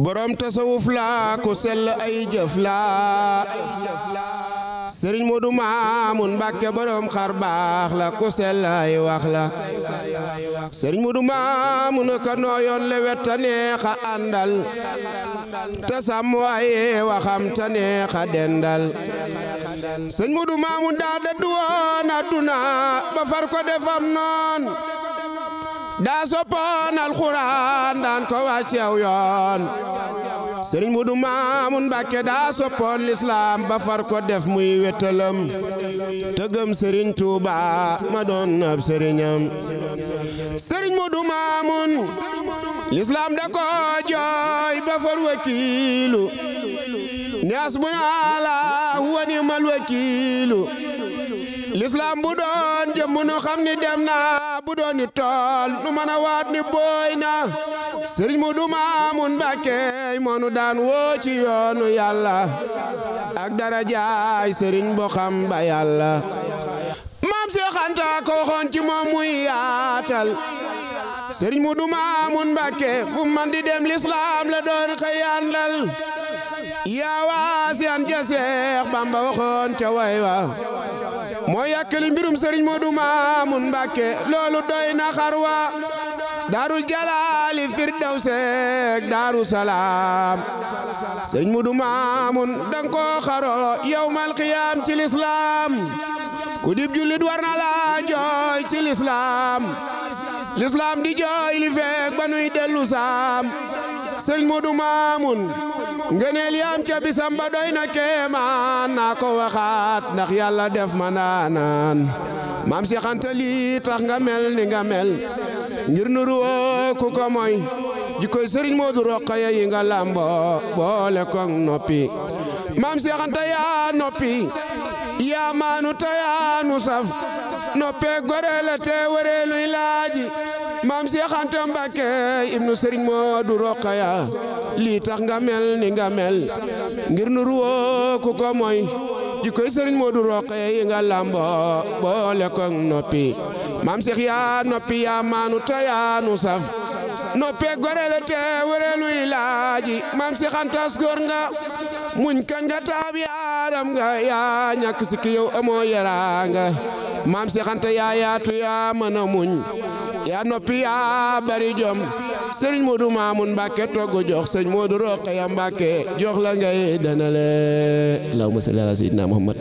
borom tasawuf laa ku sell ay jëf laa sëriñ Modou Mamoune Mbacke borom xar baax la ku sell ay wax la sëriñ Modou Mamoune ka nooyoon lewet ta neexa àndal ta sàmm ay waxam ta neexa dendal sëriñ Modou Mamoune daa dëddu woon adduna ba far ko defam noon daa soppoon alxuraan daan ko wàcc aw yoon sëriñ Mudu Maamun Mbàkke daa soppoon lislaam ba ko def muy wéttalam tëgëm sëriñ Tuuba ma doon ab sëriñam sëriñ Mudu Maamun lislaam da ko jooy ba far wakiilu ne asbunaa Allaahu wa ni'mal wakiilu lislaam bu doon seen jëmm nu xam ni dem na bu doon ni tool nu mën a waat ni booy sëriñ mu du maamun Mbàkke moo nu daan woo ci yoonu yàlla ak darajaay sëriñ bo xam ba yàlla maam Seex Anta ko waxoon ci moom yaatal sëriñ mu du maamun Mbàkke fu man dem lislaam la doon xëyandal yaa waa seen ja Bamba waxoon ca way wa moo yàkkali mbirum sëriñ Modou Mamoun Mbacke loolu doy na xarwa daarul jalaali firdawseek daaru salaam sëriñ Modou Mamoun danga koo xaro ci lislaam ku dib jullit war na la jooy ci lislaam lislaam di jooy li feek ba sëñ Mudu Maamun ngëneel yaam ca bisam ba keemaan naa ko waxaat ndax yàlla def ma ndaanaan maam Seex Anta tax nga mel ni nga mel ngir nuru woo ku ko moy jikkoy sëriñ Moodu Roqaya yi nga làmboo boole ko noppi maam Seex Anta yaa noppi yaa maanu ta yaa nu saf noppee gore te waree luy laaji maam Seex ibnu Sëriñ Moodu Rokhaya lii tax nga mel ni nga mel ngir nu ruwoo ku ko mooy jikkoy Sëriñ Moodu Rokhaya yi nga lambo boole ko noppi maam Seex yaa noppi yaa maanu ta yaa nu noppee gore te waree luy laaji maam Seex nga muñ kan nga taab yaaram nga yaa ñàkk si ki yow yaraanga maam seexante yaa yaatu yaa mën a muñ yaa noppi yaa bari jom sëriñ Moodu Maamun Mbàkke togg jox sëriñ Moodu Roqaya Mbàkke jox la ngay dana le allahumma salli ala sayyidina